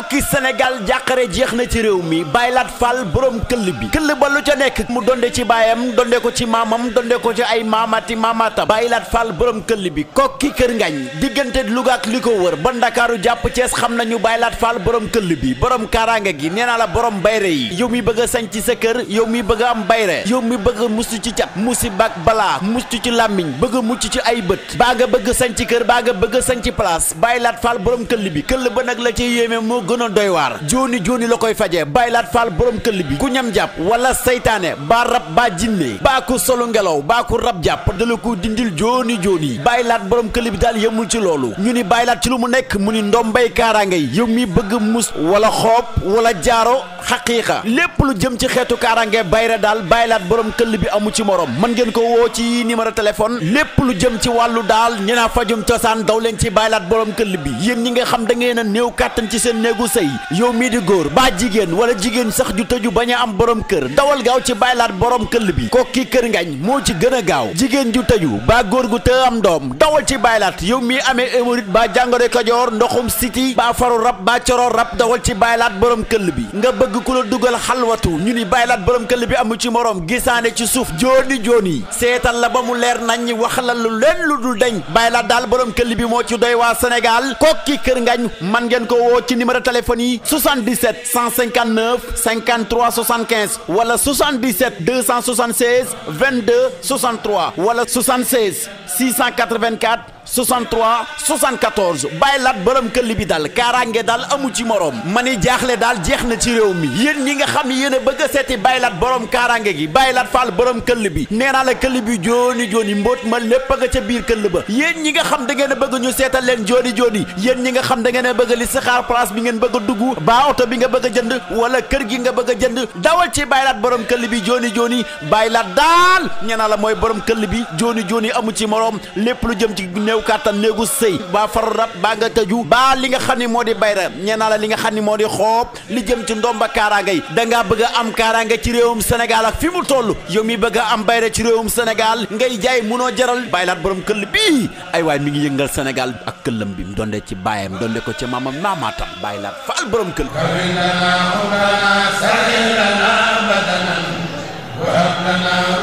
mbokki Sénégal jàqare jeex na ci réew mi baylaat Fall borom këll bi këll ba lu ca nekk mu donde ci baayam donde ko ci maamam donde ko ci ay maamaati maamaatam baylaat fal borom këll bi kokki kër ngañ diggante Louga ak li ko wër ba Ndakaaru jàpp Cees xam nañu baylaat Fall borom këll bi borom kaaraange gi nee naa la borom bayre yi yow mi bëgg a sañ ci sa kër yow mi bëgg a am bayre yow mi bëgg a mucc ci cat musibaak balaa mucc ci làmmiñ bëgg mucc ci ay bët baa nga bëgg sañ kër baa bëgg sañ ci place baylaat gën a doy waar jooni jooni la koy fajee baylaat faal borom këll bi ku ñam jàpp wala saytaane baa rab baa jinne baa ku solu ngelaw baa ku rab jàpp dala ko dindil jooni jooni baylaat borom këll bi daal yemul ci loolu ñu ni baylaat ci lu mu nekk mu ni bay kaaraange yi yow mi bëgg mus wala xoob wala jaaro xaqiiqa lépp lu jëm ci xeetu kaarange bayra daal baylaat borom këll bi amu ci morom mën ngeen ko woo ci numéro téléphone lépp lu jëm ci wàllu daal ñu naa fajum cosaan daw leen ci baylaat borom këll bi yéen ñi nga xam da ngeen a néew kàttan ci seen néegu sëy yow mii di góor baa jigéen wala jigéen sax ju tëju bañ a am borom kër dawal gaaw ci baylaat borom këll bi kokki kër ngañ moo ci gën a gaaw jigéen ju tëju baa góor gu te am doom dawal ci baylaat yow mii amee hémorroïde baa jàngoro kajoor ndoxum siti baa faru rab baa coro rab dawal ci baylaat borom këll bi ku la dugal xalwatu ñu ni bàyyilaat borom këll bi amu ci morom gisaane ci suuf jooni jooni seetal la ba mu leer nañ wax la lu leen lu dul dañ bàyyilaat daal borom këll bi moo ci doy waa Sénégal kokki kër ngañ man ngeen ko woo ci numéro téléphone yi 77 159 wala 77 276 22 63 wala 76 684 63 74 bàyyi laat borom këll bi daal kaaraange daal amu ci moroom ma ni jaaxle daal jeex na ci réew mi yéen ñi nga xam yéen a bëgg seeti bàyyi borom kaaraange gi bàyyi laat faal borom këll bi nee naa la këll bi jooni jooni mbóot ma lépp a nga ca biir këll ba yéen ñi nga xam da ngeen bëgg ñu seetal leen jooni jooni yéen ñi nga xam da ngeen a bëgg li saxaar place bi ngeen bëgg a dugg baa oto bi nga bëgg jënd wala kër gi nga bëgg a jënd dawal ci bàyyi borom këll bi jooni jooni bàyyi laat daal ñenaa la mooy borom këll bi jooni jooni amu ci morom lépp lu jëm ci néew néew kàttan néegu sëy baa far rab baa nga tëju baa li nga xam ni moo di bayra ñee naa la li nga xam ni moo di xoob li jëm ci ndomba kaaraanga yi dangaa bëgg a am kaaraanga ci réewum Sénégal ak fi mu toll yow mi bëgg a am bayra ci réewum Sénégal ngay jaay munoo jaral bàyyilaat borom këll bii ay waay mi ngi yëngal Sénégal ak këllëm bi mu donde ci baayam donde ko ci maamam maamaatam bàyyilaat faal borom këll وهب لنا